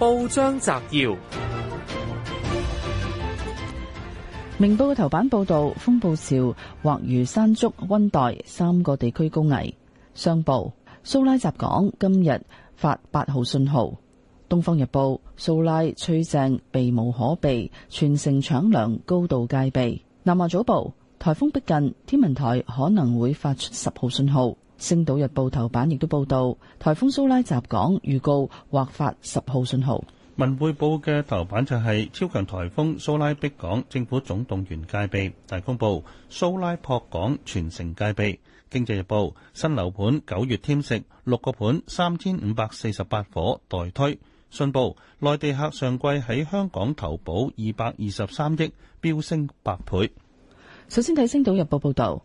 報章摘要：明報嘅頭版報道，風暴潮或如山竹、溫帶三個地區高危。商報蘇拉襲港，今日發八號信號。東方日報蘇拉趨正，避無可避，全城搶糧，高度戒備。南華早報颱風逼近，天文台可能會發出十號信號。《星島日報》頭版亦都報道，颱風蘇拉襲港，預告或發十號信號。《文匯報》嘅頭版就係超強颱風蘇拉逼港，政府總動員戒備。《大公報》蘇拉撲港，全城戒備。《經濟日報》新樓盤九月添食六個盤，三千五百四十八伙待推。《信報》內地客上季喺香港投保二百二十三億，飆升百倍。首先睇《星島日報》報道。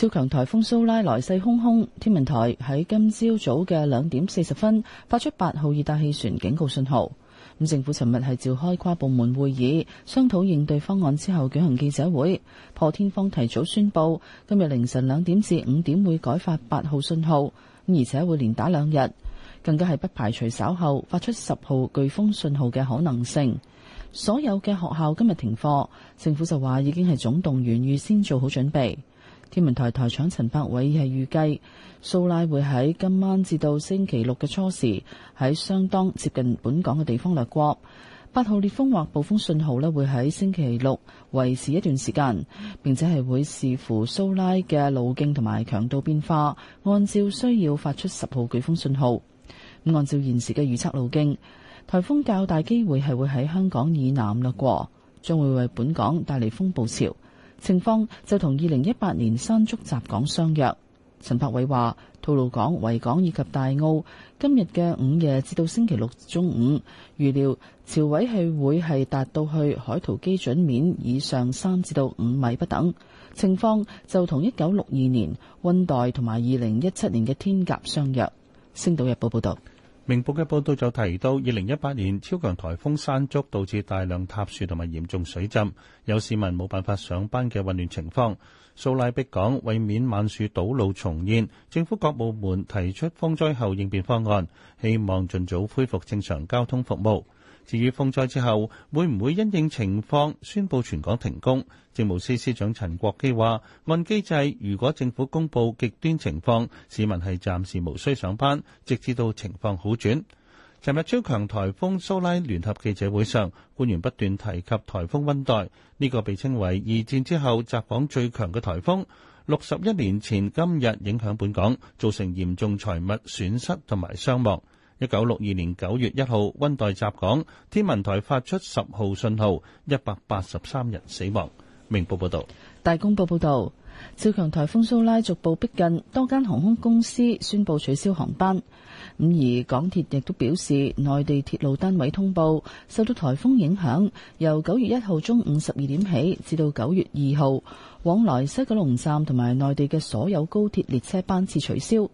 超強台風蘇拉來勢洶洶，天文台喺今朝早嘅兩點四十分發出八號熱帶氣旋警告信號。咁政府尋日係召開跨部門會議，商討應對方案之後舉行記者會。破天荒提早宣布今日凌晨兩點至五點會改發八號信號，而且會連打兩日，更加係不排除稍後發出十號颶風信號嘅可能性。所有嘅學校今日停課，政府就話已經係總動員，預先做好準備。天文台台長陳柏偉係預計，蘇拉會喺今晚至到星期六嘅初時，喺相當接近本港嘅地方掠過。八號烈風或暴風信號咧會喺星期六維持一段時間，並且係會視乎蘇拉嘅路徑同埋強度變化，按照需要發出十號颶風信號。咁按照現時嘅預測路徑，颱風較大機會係會喺香港以南掠過，將會為本港帶嚟風暴潮。情況就同二零一八年山竹襲港相若。陳柏偉話：吐露港、維港以及大澳今日嘅午夜至到星期六中午，預料潮位係會係達到去海圖基準面以上三至到五米不等。情況就同一九六二年溫黛同埋二零一七年嘅天鴿相若。星島日報報道。明報嘅報道就提到，二零一八年超強颱風山竹導致大量塌樹同埋嚴重水浸，有市民冇辦法上班嘅混亂情況。蘇拉襲港為免晚樹堵路重現，政府各部門提出風災後應變方案，希望盡早恢復正常交通服務。至於風災之後會唔會因應情況宣布全港停工？政務司司長陳國基話：按機制，如果政府公布極端情況，市民係暫時無需上班，直至到情況好轉。尋日超強颱風，颱風蘇拉聯合記者會上，官員不斷提及颱風温黛，呢個被稱為二戰之後襲港最強嘅颱風，六十一年前今日影響本港，造成嚴重財物損失同埋傷亡。一九六二年九月一號，温黛襲港，天文台發出十號信號，一百八十三人死亡。明報報道。大公報報道，超強颱風蘇拉逐步逼近，多間航空公司宣布取消航班。咁而港鐵亦都表示，內地鐵路單位通報受到颱風影響，由九月一號中午十二點起至到九月二號，往來西九龍站同埋內地嘅所有高鐵列車班次取消。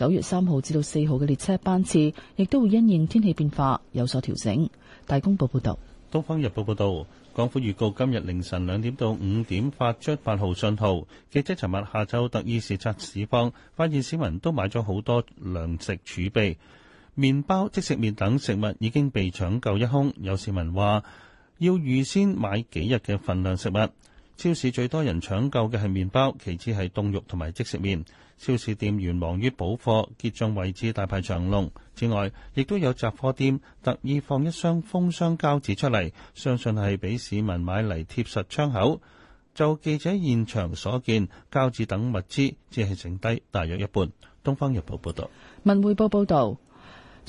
九月三號至到四號嘅列車班次，亦都會因應天氣變化有所調整。大公報報道。《東方日報》報道，港府預告今日凌晨兩點到五點發出八號信號。記者尋日下晝特意視察市況，發現市民都買咗好多糧食儲備，麵包、即食麵等食物已經被搶購一空。有市民話要預先買幾日嘅份量食物。超市最多人搶購嘅係麵包，其次係凍肉同埋即食麵。超市店員忙於補貨，結帳位置大排長龍。此外，亦都有雜貨店特意放一箱封箱膠紙出嚟，相信係俾市民買嚟貼實窗口。就記者現場所見，膠紙等物資只係剩低大約一半。《東方日報》報導，《文匯報》報導。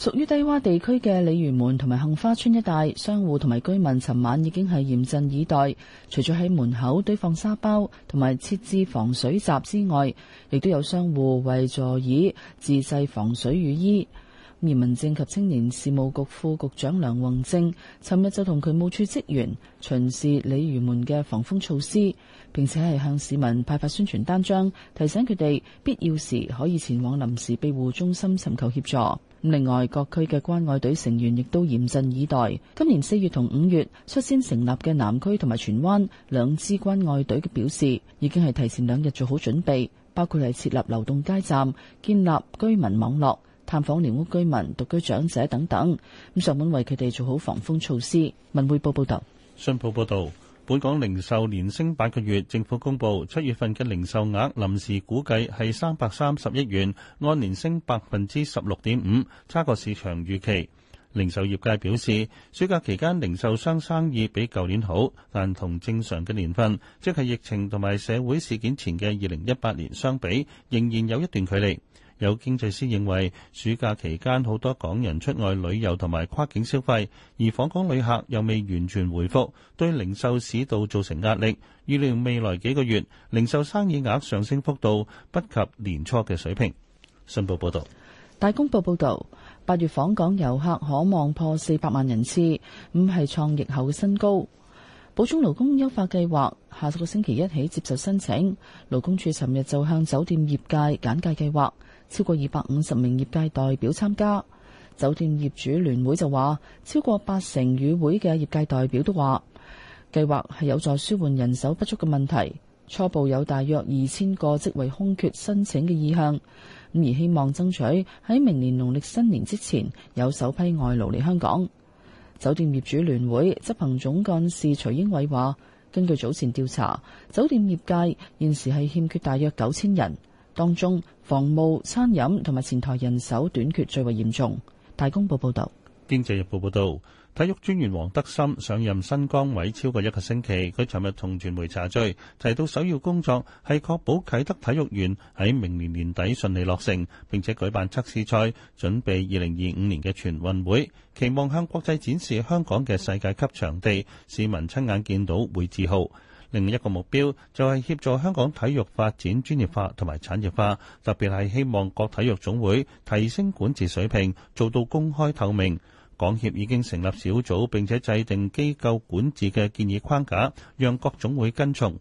屬於低洼地區嘅鯉魚門同埋杏花村一帶，商戶同埋居民尋晚已經係嚴陣以待，除咗喺門口堆放沙包同埋設置防水閘之外，亦都有商戶為座椅自製防水雨衣。而民政及青年事務局副局長梁宏正尋日就同渠務處職員巡視鯉魚門嘅防風措施，並且係向市民派發宣傳單張，提醒佢哋必要時可以前往臨時庇護中心尋求協助。另外，各區嘅關愛隊成員亦都嚴陣以待。今年四月同五月率先成立嘅南區同埋荃灣兩支關愛隊嘅表示，已經係提前兩日做好準備，包括係設立流動街站、建立居民網絡、探訪廉屋居民、獨居長者等等。咁上門為佢哋做好防風措施。文匯報報道，信報報道。本港零售連升八個月，政府公布七月份嘅零售額臨時估計係三百三十億元，按年升百分之十六點五，差過市場預期。零售業界表示，暑假期間零售商生意比舊年好，但同正常嘅年份，即係疫情同埋社會事件前嘅二零一八年相比，仍然有一段距離。有經濟師認為，暑假期間好多港人出外旅遊同埋跨境消費，而訪港旅客又未完全回復，對零售市道造成壓力。預料未來幾個月零售生意額上升幅度不及年初嘅水平。信報報導，大公報報道：「八月訪港遊客可望破四百萬人次，唔係創疫後嘅新高。」補充勞工優化計劃下個星期一起接受申請，勞工處尋日就向酒店業界簡介計劃。超過二百五十名業界代表參加。酒店業主聯會就話，超過八成與會嘅業界代表都話，計劃係有助舒緩人手不足嘅問題。初步有大約二千個職位空缺申請嘅意向，而希望爭取喺明年農曆新年之前有首批外勞嚟香港。酒店業主聯會執行總幹事徐英偉話，根據早前調查，酒店業界現時係欠缺大約九千人。當中，房務、餐飲同埋前台人手短缺最為嚴重。大公報報道。經濟日報報道。體育專員黃德森上任新崗位超過一個星期，佢尋日同傳媒查追，提到首要工作係確保啟德體育園喺明年年底順利落成，並且舉辦測試賽，準備二零二五年嘅全運會，期望向國際展示香港嘅世界級場地，市民親眼見到會自豪。另一個目標就係協助香港體育發展專業化同埋產業化，特別係希望各體育總會提升管治水平，做到公開透明。港協已經成立小組，並且制定機構管治嘅建議框架，讓各總會跟從。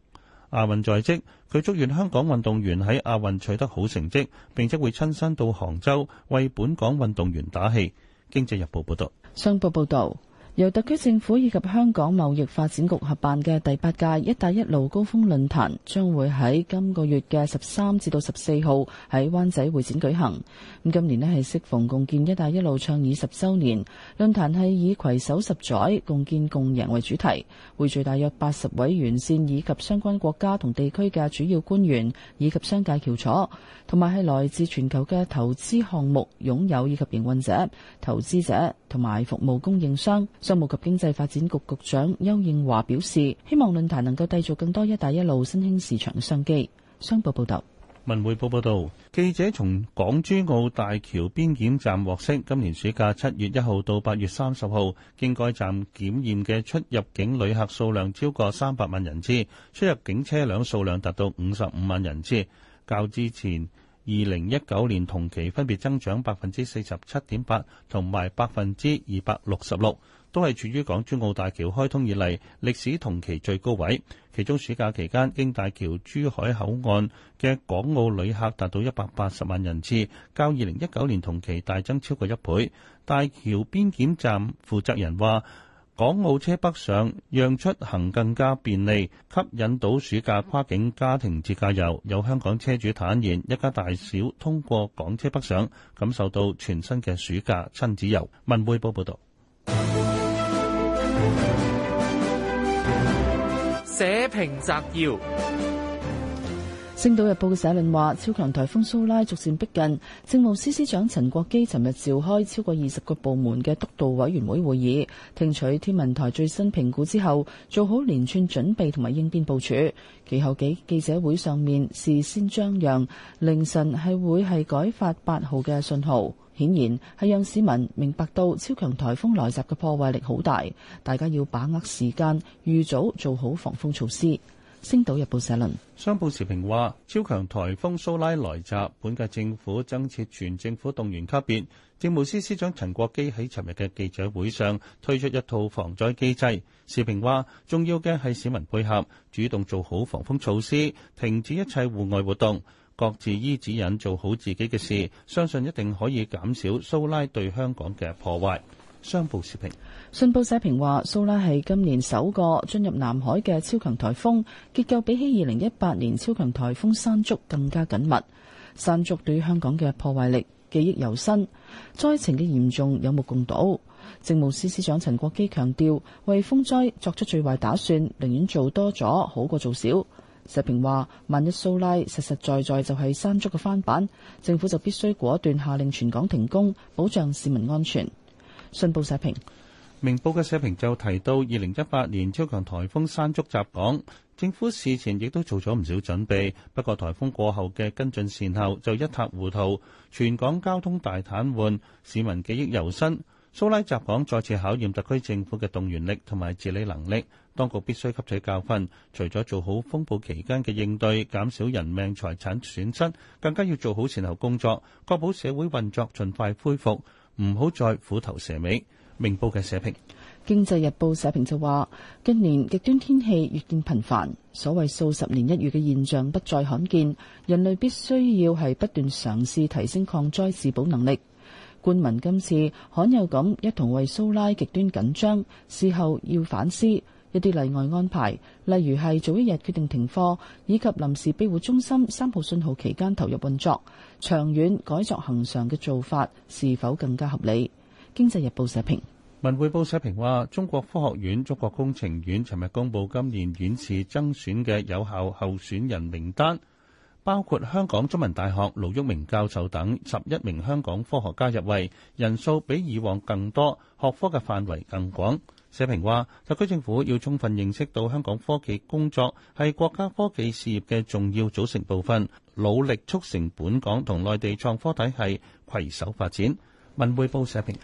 亞運在即，佢祝願香港運動員喺亞運取得好成績，並且會親身到杭州為本港運動員打氣。《經濟日報》報道。商報報道。由特區政府以及香港貿易發展局合辦嘅第八屆“一帶一路”高峰論壇，將會喺今個月嘅十三至到十四號喺灣仔會展舉行。咁今年呢，係適逢共建“一帶一路”倡議十周年，論壇係以“攜手十載，共建共贏”為主題，匯聚大約八十位沿線以及相關國家同地區嘅主要官員以及商界翹楚，同埋係來自全球嘅投資項目擁有以及營運者、投資者同埋服務供應商。金商務及經濟發展局局長邱應華表示，希望論壇能夠締造更多“一帶一路”新興市場商機。商報報道，文匯報報道，記者從港珠澳大橋邊檢站獲悉，今年暑假七月一號到八月三十號，經該站檢驗嘅出入境旅客數量超過三百萬人次，出入境車輛數量達到五十五萬人次，較之前二零一九年同期分別增長百分之四十七點八同埋百分之二百六十六。都係處於港珠澳大橋開通以嚟歷史同期最高位。其中暑假期間，經大橋珠海口岸嘅港澳旅客達到一百八十萬人次，較二零一九年同期大增超過一倍。大橋邊檢站負責人話，港澳車北上讓出行更加便利，吸引到暑假跨境家庭自駕遊。有香港車主坦言，一家大小通過港車北上，感受到全新嘅暑假親子遊。文匯報報道。寫評摘要。《星島日報》嘅社論話：超強颱風蘇拉逐漸逼近，政務司司長陳國基尋日召開超過二十個部門嘅督導委員會會議，聽取天文台最新評估之後，做好連串準備同埋應變部署。其後喺記者會上面事先張揚，凌晨係會係改發八號嘅信號，顯然係讓市民明白到超強颱風來襲嘅破壞力好大，大家要把握時間，預早做好防風措施。星島日報社論：商報時評話，超強颱風蘇拉來襲，本屆政府增設全政府動員級別。政務司司長陳國基喺尋日嘅記者會上推出一套防災機制。時評話，重要嘅係市民配合，主動做好防風措施，停止一切戶外活動，各自依指引做好自己嘅事，相信一定可以減少蘇拉對香港嘅破壞。商報社評，信報社評話，蘇拉係今年首個進入南海嘅超強台風，結構比起二零一八年超強台風山竹更加緊密。山竹對香港嘅破壞力記憶猶新，災情嘅嚴重有目共睹。政務司司長陳國基強調，為風災作出最壞打算，寧願做多咗，好過做少。社評話，萬一蘇拉實實在在,在就係山竹嘅翻版，政府就必須果斷下令全港停工，保障市民安全。信報社評，明報嘅社評就提到，二零一八年超強颱風山竹襲港，政府事前亦都做咗唔少準備，不過颱風過後嘅跟進善後就一塌糊塗，全港交通大癱瘓，市民記憶猶新。蘇拉襲港再次考驗特區政府嘅動員力同埋治理能力，當局必須吸取教訓，除咗做好風暴期間嘅應對，減少人命財產損失，更加要做好善後工作，確保社會運作盡快恢復。唔好再虎頭蛇尾。明報嘅社評。《經濟日報》社評就話：近年極端天氣越見頻繁，所謂數十年一遇嘅現象不再罕見，人類必須要係不斷嘗試提升抗災自保能力。官民今次罕有咁一同為蘇拉極端緊張，事後要反思。一啲例外安排，例如係早一日決定停課，以及臨時庇護中心三號信號期間投入運作，長遠改作恒常嘅做法是否更加合理？經濟日報社評。文匯報社評話，中國科學院、中國工程院尋日公布今年院士增選嘅有效候選人名單，包括香港中文大學盧煜明教授等十一名香港科學家入圍，人數比以往更多，學科嘅範圍更廣。社評話，特區政府要充分認識到香港科技工作係國家科技事業嘅重要組成部分，努力促成本港同內地創科體系攜手發展。文匯報社評。